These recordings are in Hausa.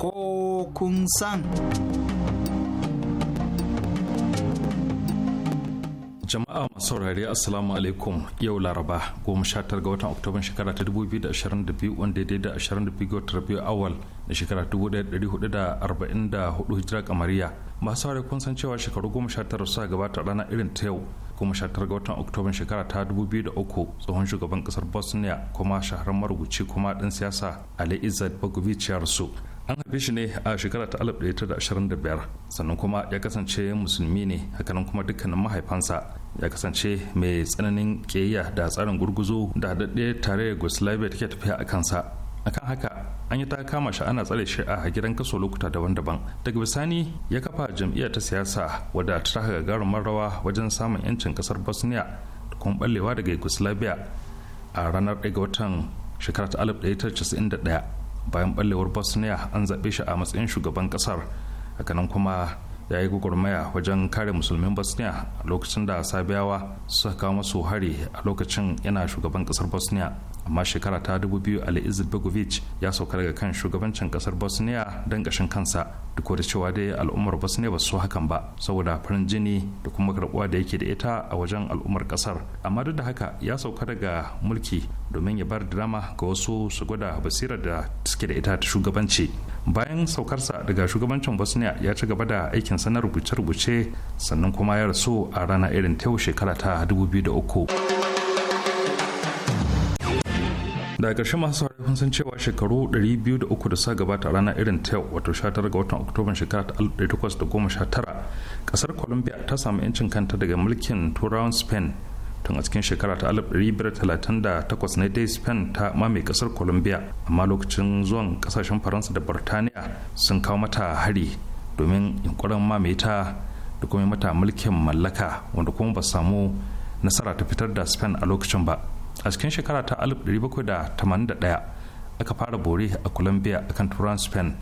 ko kun san. jama'a masu saurari assalamu alaikum yau laraba goma sha tara ga watan oktoban shekara ta dubu biyu da da ashirin biyu wanda daidai da ashirin da biyu ga watan rabiu awal da arba'in da hudu hijira kamariya masu saurari kun san cewa shekaru goma sha tara suka gabata rana irin ta yau goma sha tara ga watan oktoban shekara ta dubu biyu da uku tsohon shugaban kasar bosnia kuma shahararren marubuci kuma dan siyasa ali izzat bagovic ya rasu an haife shi ne a shekara ta 1925 sannan kuma ya kasance musulmi ne hakanan kuma dukkanin mahaifansa ya kasance mai tsananin ƙiyayya da tsarin gurguzo da haɗaɗɗe tare da yugoslavia take tafiya a kansa akan haka an yi ta kama shi ana tsare shi a gidan kaso lokuta daban-daban daga bisani ya kafa jam'iyyar ta siyasa wadda ta taka gagarumar rawa wajen samun 'yancin kasar bosnia da kuma ballewa daga yugoslavia a ranar 1 ga watan da 1991 bayan ballewar bosnia an zaɓe shi a matsayin shugaban ƙasar hakanan kuma ya yi gwagwarmaya wajen kare musulmin bosnia a lokacin da sabiyawa suka kawo masu hari a lokacin yana shugaban ƙasar bosnia amma shekara ta 2000 ali izbegovic ya sauka daga kan shugabancin kasar bosnia don gashin kansa duk da cewa dai al'ummar bosnia ba su hakan ba saboda farin jini da kuma karbuwa da yake da ita a wajen al'ummar kasar amma duk da haka ya sauka daga mulki domin ya bar drama ga wasu su gwada basirar da suke da ita ta shugabanci bayan saukarsa daga shugabancin bosnia ya ci gaba da aikin sana rubuce-rubuce sannan kuma ya rasu a rana irin ta shekara ta uku. daga ƙarshe masu saurari kun san cewa shekaru 203 da sa gabata a ranar irin ta yau wato 19 ga watan oktoban shekara ta 1819 kasar colombia ta samu 'yancin kanta daga mulkin turawan spain tun a cikin shekara ta 1538 ne dai spain ta mame kasar colombia amma lokacin zuwan kasashen faransa da birtaniya sun kawo mata hari domin yunkurin mame ta da kuma mata mulkin mallaka wanda kuma ba samu nasara ta fitar da spain a lokacin ba a cikin shekara ta 1781 aka fara bore a colombia akan turan spain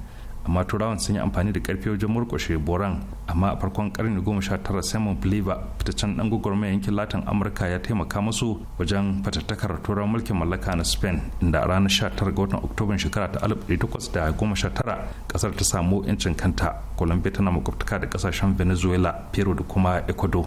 amma turawan sun yi amfani da karfi wajen murkushe boran amma a farkon karni goma sha tara simon bolivar fitaccen dan gwagwarmaya yankin latin amurka ya taimaka musu wajen fatattakar turawan mulkin mallaka na spain inda a ranar sha tara ga watan oktoba shekara ta alif ɗari takwas da goma sha tara kasar ta samu yancin kanta colombia tana makwabtaka da kasashen venezuela peru da kuma ecuador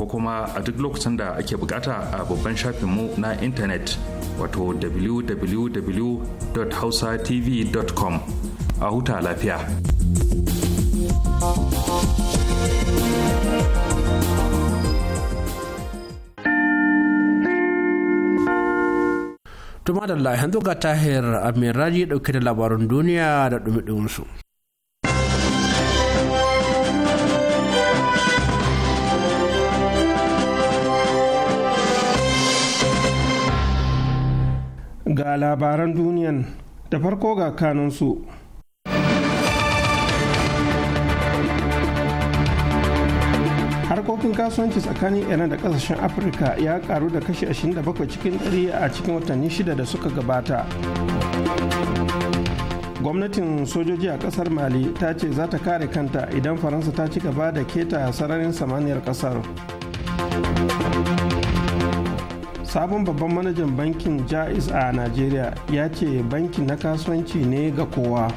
ko kuma a duk lokacin da ake bukata a babban shafinmu na intanet wato www.hausatv.com a huta lafiya. Tuma da yanzu ga tahir Raji dauke da labarin duniya da dumi su. ga labaran duniyan da farko ga kanunsu. harkokin kasuwanci tsakanin iran da kasashen afirka ya karu da kashi 27 cikin 100 a cikin watanni shida da suka gabata gwamnatin sojoji a kasar mali ta ce za ta kare kanta idan faransa ta ci gaba da keta sararin samaniyar kasar sabon babban manajan bankin jais a najeriya ya ce bankin na kasuwanci ne ga kowa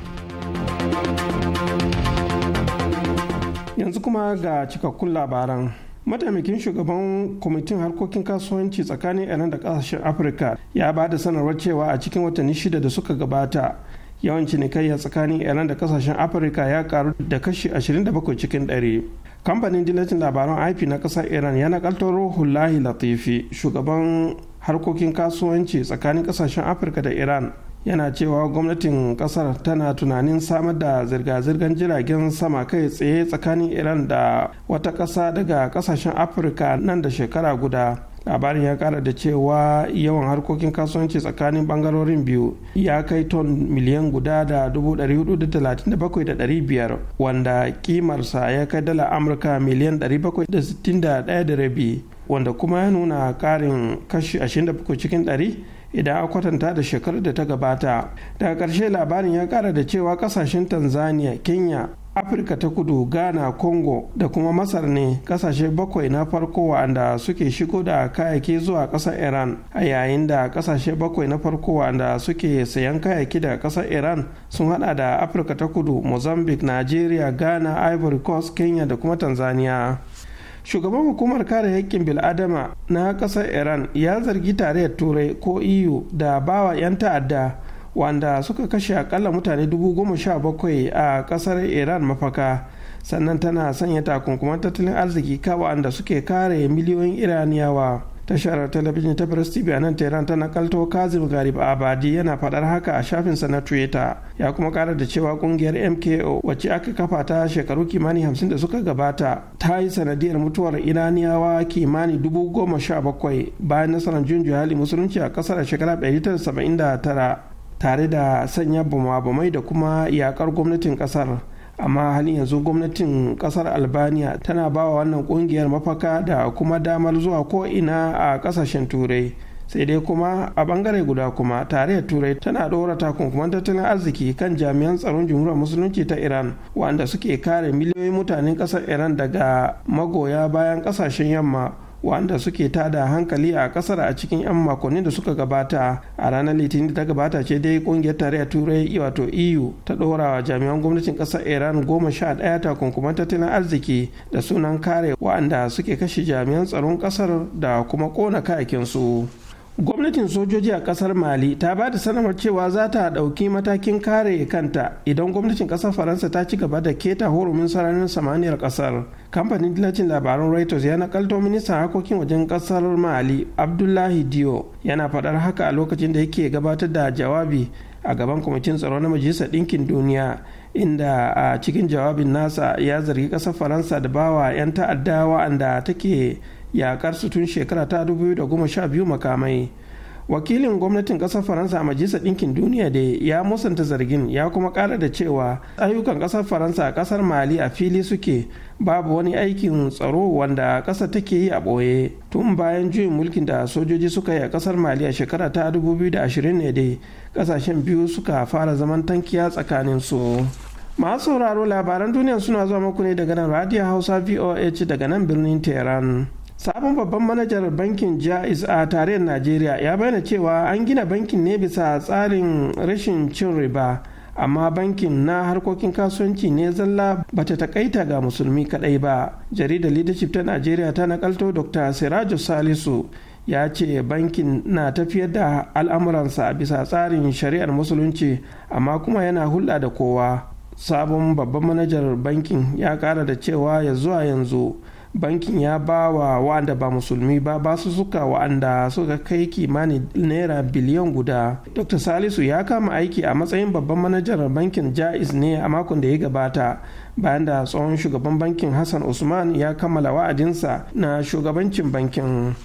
yanzu kuma ga cikakkun labaran mataimakin shugaban kwamitin harkokin kasuwanci tsakanin iran da kasashen afirka ya ba da sanarwar cewa a cikin watanni shida da suka gabata yawan cinikayya tsakanin iran da kasashen afirka ya karu da kashi 27 cikin 100 kamfanin dillacin labaran ip na kasar iran ya nakaltar ruhullahi latifi shugaban harkokin kasuwanci tsakanin kasashen afirka da iran yana cewa gwamnatin kasar tana tunanin samar da zirga-zirgar jiragen sama kai tsaye tsakanin iran da wata kasa daga kasashen afirka nan da shekara guda labarin ya kara da cewa yawan harkokin kasuwanci tsakanin bangarorin biyu ya kai ton miliyan guda da 437,500 wanda kimarsa ya kai dala amurka miliyan 761.5 wanda kuma ya nuna karin kashi 27 cikin 100 idan a kwatanta da shekarar da ta gabata daga ƙarshe labarin ya kara da cewa kasashen tanzania kenya afirka ta kudu ghana congo da kuma masar ne kasashe bakwai na farko wa'anda suke shigo da kayayyaki zuwa kasar iran a yayin da kasashe bakwai na farko wa'anda suke sayan kayayyaki da kasar iran sun hada da afirka ta kudu mozambique nigeria ghana ivory coast kenya da kuma tanzania shugaban hukumar kare haƙƙin bil'adama na ƙasar iran ya zargi tarayyar turai ko eu da bawa 'yan ta'adda wanda suka kashe akalla mutane dubu sha bakwai a kasar iran mafaka sannan tana sanya takunkuman tattalin arziki kawa wanda suke kare miliyoyin iraniyawa tashar talabijin ta press tv a nan tehran tana kalto kazim garib abadi yana fadar haka a shafinsa na twitter ya kuma kara da cewa kungiyar mko wacce aka kafa ta shekaru kimani hamsin da suka gabata ta yi sanadiyar mutuwar iraniyawa kimani dubu bayan nasarar junju hali musulunci a kasar shekara tare da sanya bama-bamai da kuma yakar gwamnatin kasar amma halin yanzu gwamnatin kasar albania tana ba wa wannan kungiyar mafaka da kuma damar zuwa ko ina a kasashen turai sai dai kuma a bangare guda kuma tarayyar turai tana ɗorata takunkuman tattalin arziki kan jami'an tsaron jumhuriyar musulunci ta iran wanda suke kare miliyoyin mutanen ƙasar iran daga magoya bayan ƙasashen yamma wanda suke tada hankali a kasar a cikin 'yan makonni da suka gabata a ranar litinin da ta gabata ce dai kungiyar tarayyar turai wato eu ta ɗora jami'an gwamnatin kasar iran goma sha ɗaya takunkuman tattalin arziki da sunan kare wa'anda suke kashe jami'an tsaron kasar da kuma kona kayakinsu. su gwamnatin sojoji a kasar mali ta ba da sanarwar cewa za ta ɗauki matakin kare kanta idan gwamnatin kasar faransa ta ci gaba da keta horumin sararin samaniyar kasar kamfanin dillacin labaran reuters ya nakalto ministan harkokin wajen kasar mali abdullahi dio yana faɗar haka a lokacin da yake gabatar da jawabi a gaban kwamitin tsaro na majalisar ɗinkin duniya inda a cikin jawabin nasa ya zargi kasar faransa da bawa 'yan ta'adda wa'anda take yakar su tun shekara ta 2012 makamai wakilin gwamnatin kasar faransa a majalisar ɗinkin duniya da ya musanta zargin ya kuma ƙara da cewa ayyukan kasar faransa a kasar mali a fili suke babu wani aikin tsaro wanda ƙasar take yi a ɓoye tun bayan juyin mulkin da sojoji suka yi a kasar mali a shekara ta 2020 ne dai ƙasashen biyu suka fara zaman tankiya tsakanin su masu sauraro labaran duniya suna zuwa muku ne daga nan radio hausa voh daga nan birnin tehran sabon babban manajar bankin jaiz a tarayyar najeriya ya bayyana cewa an gina bankin ne bisa tsarin rashin cin riba amma bankin na harkokin kasuwanci ne zalla ba ta takaita ga musulmi kadai ba jaridar leadership ta najeriya ta nakalto dr sirajo salisu ya ce bankin na tafiyar da al'amuransa bisa tsarin shari'ar musulunci amma kuma yana hulɗa da kowa sabon babban manajar bankin ya kara da cewa ya zuwa yanzu bankin ya ba wa wa'anda ba musulmi ba basu suka wa'anda suka kai kimanin naira biliyan guda dr salisu ya kama aiki a matsayin babban manajan bankin jais ne a makon da ya gabata bayan da tsohon shugaban bankin hassan usman ya kammala wa'adinsa na shugabancin bankin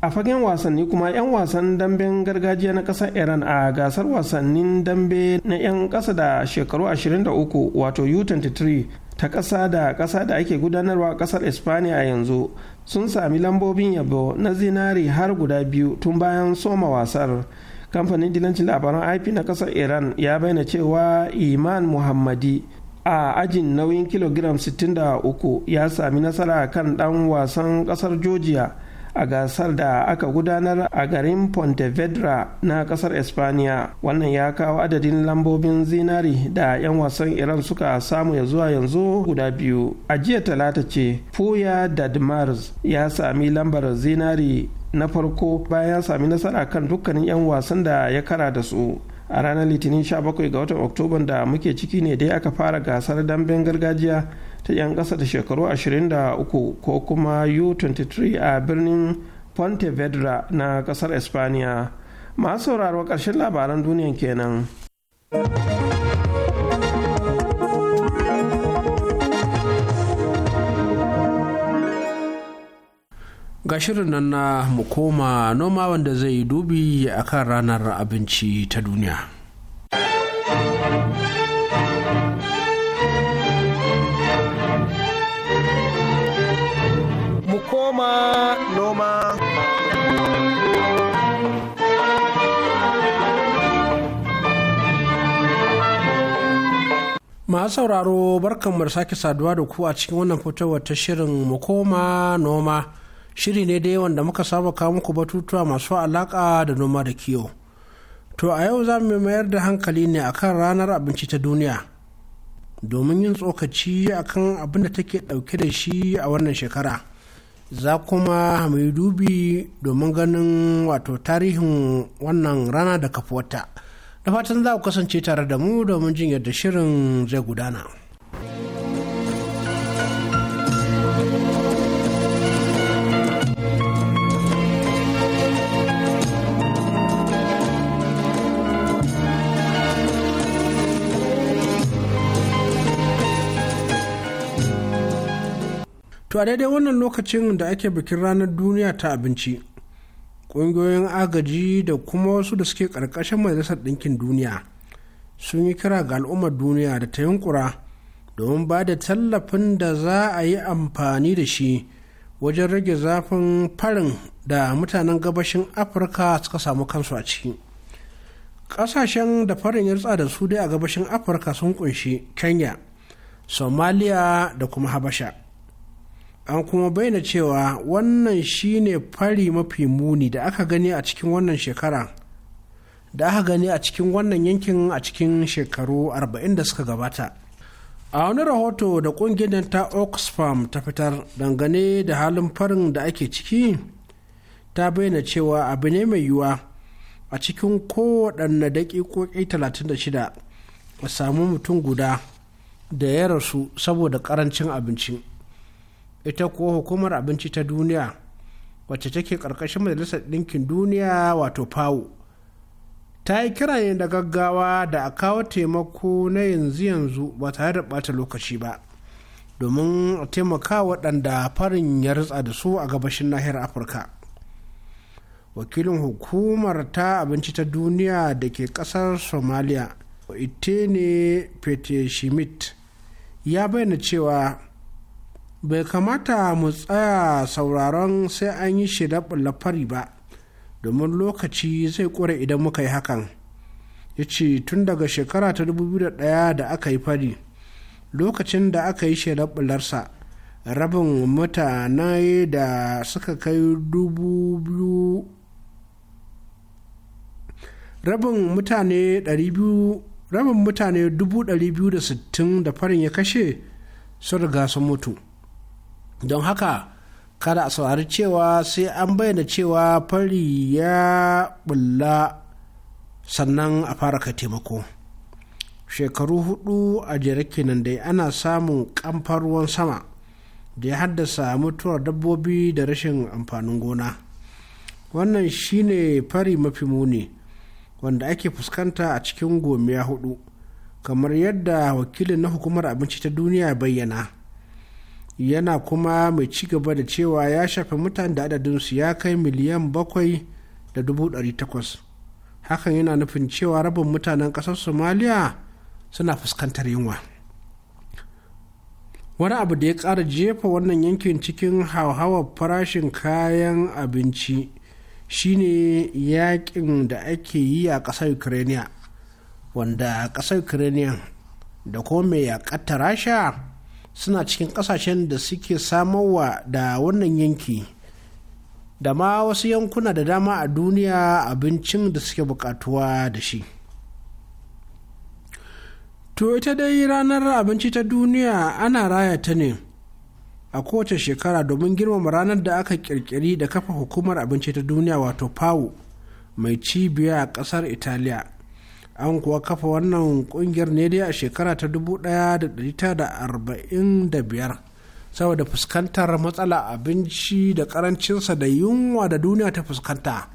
a fagen wasanni kuma 'yan wasan damben gargajiya na ƙasar iran a gasar wasannin dambe na 'yan ƙasa da shekaru 23 wato u23 ta ƙasa da ƙasa da ake gudanarwa ƙasar espaniya yanzu sun sami lambobin yabo na zinari har guda biyu tun bayan soma wasar kamfanin dilancin labaran ip na ƙasar iran ya bayyana cewa iman muhammadi a ajin nauyin kilogiram 63 ya sami nasara kan ɗan wasan ƙasar georgia a gasar da aka gudanar a garin Pontevedra na kasar Espaniya. Wannan ya kawo adadin lambobin zinari da 'yan wasan Iran suka samu ya zuwa yanzu guda biyu. A jiya talata ce, Puya Dadmars ya sami lambar zinari na farko bayan ya sami nasara kan dukkanin 'yan wasan da ya kara da su. a ranar litinin 17 ga watan Oktoba da muke ciki ne dai aka fara gasar damben gargajiya ta 'yan ƙasa da shekaru 23 ko kuma u-23 a birnin pontevedra na ƙasar espaniya masu sauraro ƙarshen labaran duniyan kenan. ga shirin nan na mu koma noma wanda zai dubi kan ranar abinci ta duniya. noma masu sauraro barkanmu da sake saduwa da ku a cikin wannan fitowar ta shirin mu koma noma shiri ne da yawan da muka saba kawo muku batutuwa masu alaka da noma da kiwo to a yau za mu mayar da hankali ne akan ranar abinci ta duniya domin yin tsokaci akan abin da take ɗauke da shi a wannan shekara za kuma mai dubi domin ganin wato tarihin wannan rana da wata da fatan za ku kasance tare da mu domin jin yadda shirin zai gudana. to a daidai wannan lokacin da ake bikin ranar duniya ta abinci ƙungiyoyin agaji da kuma wasu da suke ƙarƙashin majalisar ɗinkin duniya sun yi kira ga al'ummar duniya da ta yunkura domin ba da tallafin da za a yi amfani da shi wajen rage zafin farin da mutanen gabashin afirka suka samu kansu a ciki ƙasashen da farin ya da su dai a gabashin afirka sun kunshi kenya somalia da kuma habasha an kuma bayyana cewa wannan shine fari mafi muni da aka gani a cikin wannan shekara da aka gani a cikin wannan yankin a cikin shekaru 40 da suka gabata a wani rahoto da kungiyar ta oxfam ta fitar dangane da halin farin da ake ciki ta bayyana cewa abu ne mai yiwuwa a cikin kowaɗanne daƙiƙoƙi 36 a samu mutum guda da ya rasu saboda ƙarancin abinci. ita kuwa hukumar abinci ta duniya wacce take ƙarƙashin majalisar ɗinkin duniya wato fawo ta yi kira da gaggawa da a kawo taimako na yanzu yanzu ba tare da ɓata lokaci ba domin a taimaka waɗanda farin ya rutsa da su a gabashin nahiyar afirka wakilin hukumar ta abinci ta duniya da ke ƙasar somalia ne pete shimit ya bayyana cewa bai kamata mu tsaya sauraron sai an yi shida fari ba domin lokaci zai ƙure idan muka yi hakan ya ce tun daga shekara ta 2001 da aka yi fari lokacin da aka yi shida bullarsa rabin mutane da suka kai dubu biyu rabin mutane rabin mutane 260 da farin ya kashe sun riga sun mutu don haka kada a saurari cewa sai an bayyana cewa fari ya bulla sannan a fara kai taimako shekaru hudu a jere kenan dai ana samun kamfar ruwan sama da ya haddasa mutuwar dabbobi da rashin amfanin gona wannan shine fari mafi muni wanda ake fuskanta a cikin gomiya hudu kamar yadda wakilin na hukumar abinci ta duniya bayyana yana kuma mai ci gaba da cewa ya shafi mutane da adadinsu ya kai miliyan bakwai da dubu ɗari takwas hakan yana nufin cewa rabin mutanen ƙasar somaliya suna fuskantar yunwa wani abu da ya ƙara jefa wannan yankin cikin hauhawar farashin kayan abinci shine yakin da ake yi a ƙasar ukraine wanda ƙasar ukraine da kuma mai yaƙatta rasha suna cikin kasashen da suke samarwa da wannan yanki da ma wasu yankuna da dama a duniya abincin da suke buƙatuwa da shi to ita dai ranar abinci ta duniya ana raya ta ne a kowace shekara domin girmama ranar da aka kirkiri da kafa hukumar abinci ta duniya wato pau mai cibiya a kasar italiya an kuwa kafa wannan kungiyar ne dai a shekara ta 1945 saboda fuskantar matsala abinci da karancinsa da yunwa da duniya ta fuskanta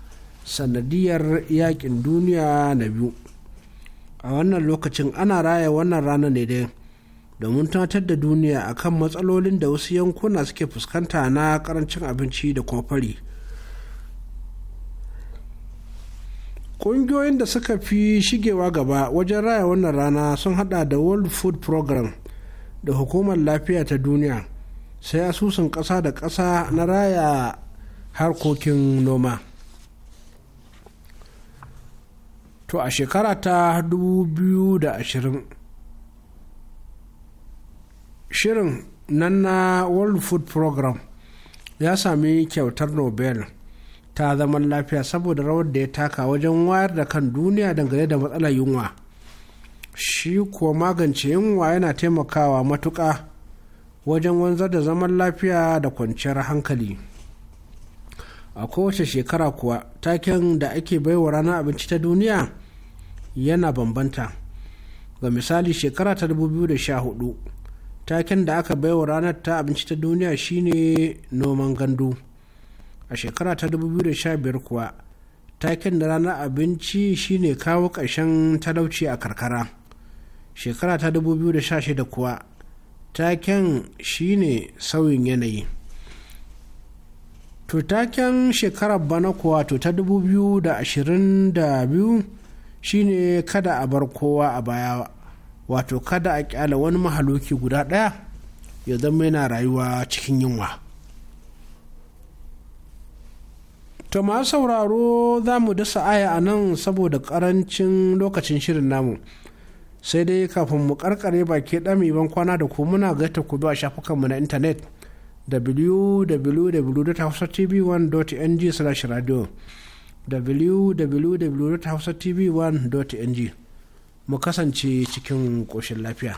sanadiyar yakin duniya na biyu a wannan lokacin ana raya wannan rana ne dai domin tunatar da duniya akan matsalolin da wasu yankuna suke fuskanta na karancin abinci da kuma fari. ƙungiyoyin da suka fi shigewa gaba wajen raya wannan rana sun hada da world food program da hukumar lafiya ta duniya sai asusun ƙasa da ƙasa na raya harkokin noma to a shekara ta 2020 shirin nan na world food program ya sami kyautar nobel ta zaman lafiya saboda rawar da ya taka wajen wayar da kan duniya dangane da matsalar yunwa shi kuwa magance yunwa yana taimakawa matuka wajen wanzar da zaman lafiya da kwanciyar hankali a kowace shekara kuwa taken da ake baiwa ranar abinci ta duniya yana bambanta ga misali shekara ta 2014 taken da aka baiwa ranar ta abinci ta duniya shine noman gandu a shekara ta 2015 kuwa taken da ranar abinci shine kawo ƙarshen talauci a karkara shekara ta 2016 kuwa taken shine sauyin yanayi to taken shekarar bana kuwa to ta 2022 shine kada a bar kowa a baya wato kada a kyala wani mahaluki guda ɗaya ya zama yana rayuwa cikin yunwa To masu sauraro za mu dasa aya a nan saboda karancin lokacin shirin namu. Sai dai kafin mu karkare baki ɗami ban kwana da ku muna gaita ku zuwa shafukanmu na intanet www.hausatv1.ng slash radio www.hausatv1.ng mu kasance cikin ƙoshin lafiya.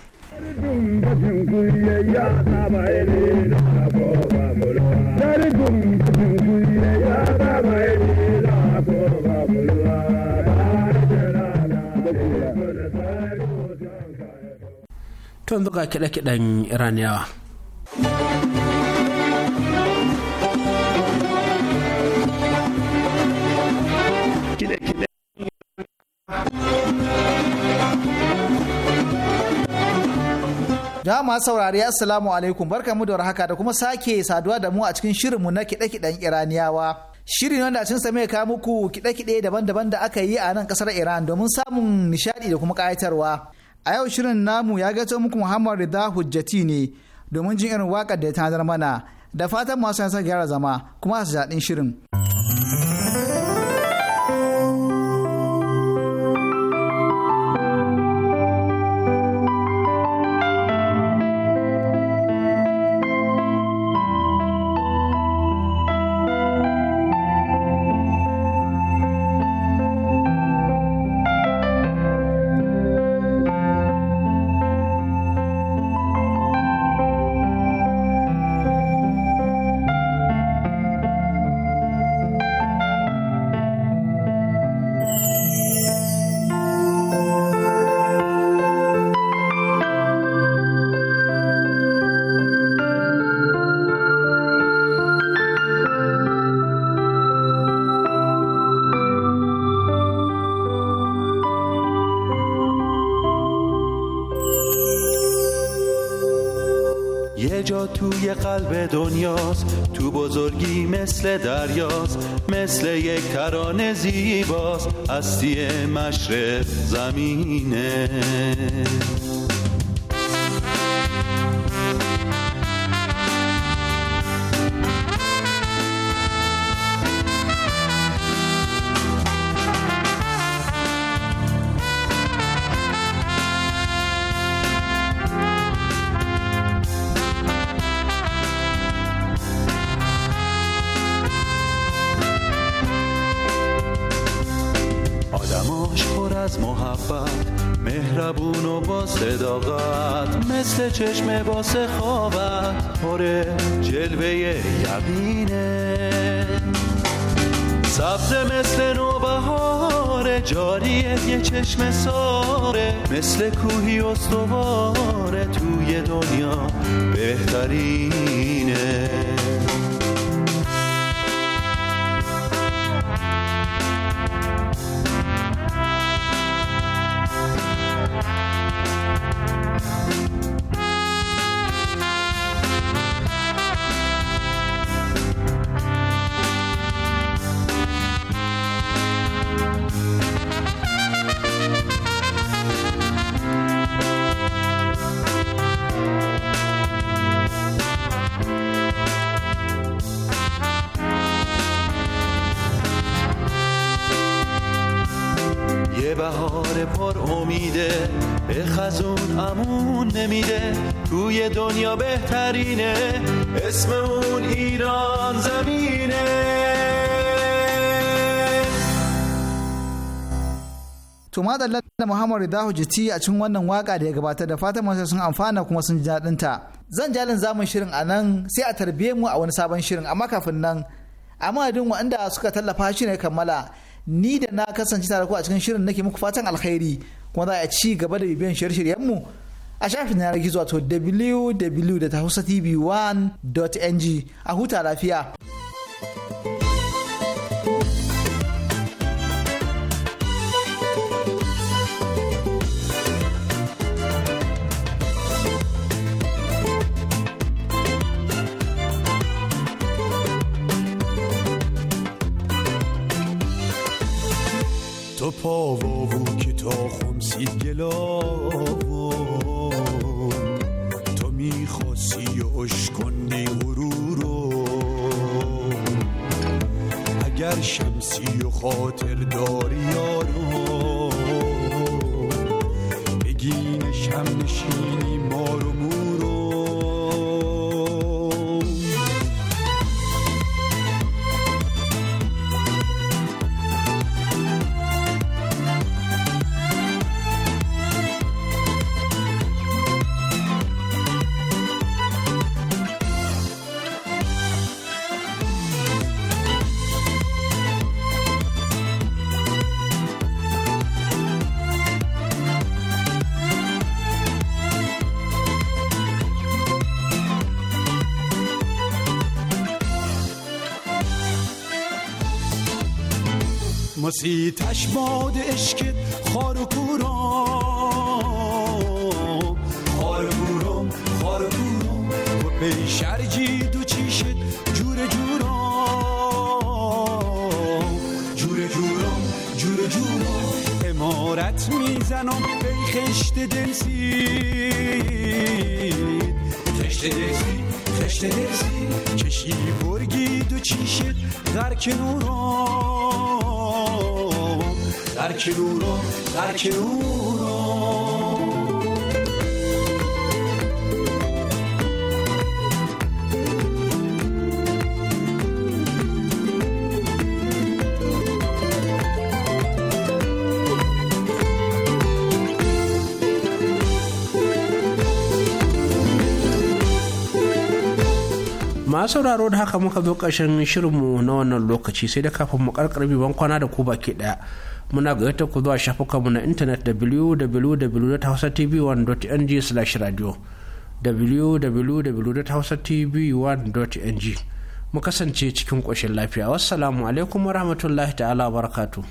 kan zuga kiɗe iraniyawa Dama saurari Assalamu alaikum barkamu da haka da kuma sake saduwa da mu a cikin shirinmu na kiɗe-kiɗen Iraniyawa. Shirin wanda cin sa mai kawo muku kiɗe-kiɗe daban-daban da aka yi a nan ƙasar Iran domin samun nishaɗi da kuma ƙayatarwa. a yau shirin namu ya gato muku muhammad rida hujjati ne domin jin irin waƙar da ya tanadar mana da fatan masu yasa gyara zama kuma su daɗin shirin. قلب دنیاست تو بزرگی مثل دریاست مثل یک ترانه زیباست هستی مشرق زمینه چشم باس خوابت پره جلوه یقینه سبز مثل نوبهار جاریه یه چشم ساره مثل کوهی استواره توی دنیا بهترینه نمیده توی دنیا بهترینه اسم اون ایران زمینه to madalla da Muhammad jiti a cikin wannan waka da ya gabata da fatan masu sun amfana kuma sun ji daɗin ta. Zan jalin zamun shirin a nan sai a tarbiye mu a wani sabon shirin amma kafin nan a madadin waɗanda suka tallafa shi ne kammala ni da na kasance tare ku a cikin shirin nake muku fatan alkhairi kuma za a ci gaba da bibiyan shirye-shiryen mu a shafin yanar gizo wato www.hausatv1.ng a huta lafiya. تو پا و که تا خمسید گلاب اگر شمسی و خاطر داری یارو تش باد عشق خار و کورم خار و کورم خار و کورم و پیشرجی دو چیشت جور جورم جور جورم جور جورم امارت میزنم به خشت دلسید خشت دلسید خشت دلسید چشی برگید و چیشت در کنورم در کلورو در کلورو masu sauraro da haka muka zo ƙarshen shirinmu na wannan lokaci sai da kafin mu karkar biban kwana da ku baki ɗaya muna gayyata ku zuwa shafukanmu na intanet www.hausatv1.ng/radio www.hausatv1.ng mu kasance cikin ƙoshin lafiya wassalamu alaikum warahmatullahi ta'ala barakatu.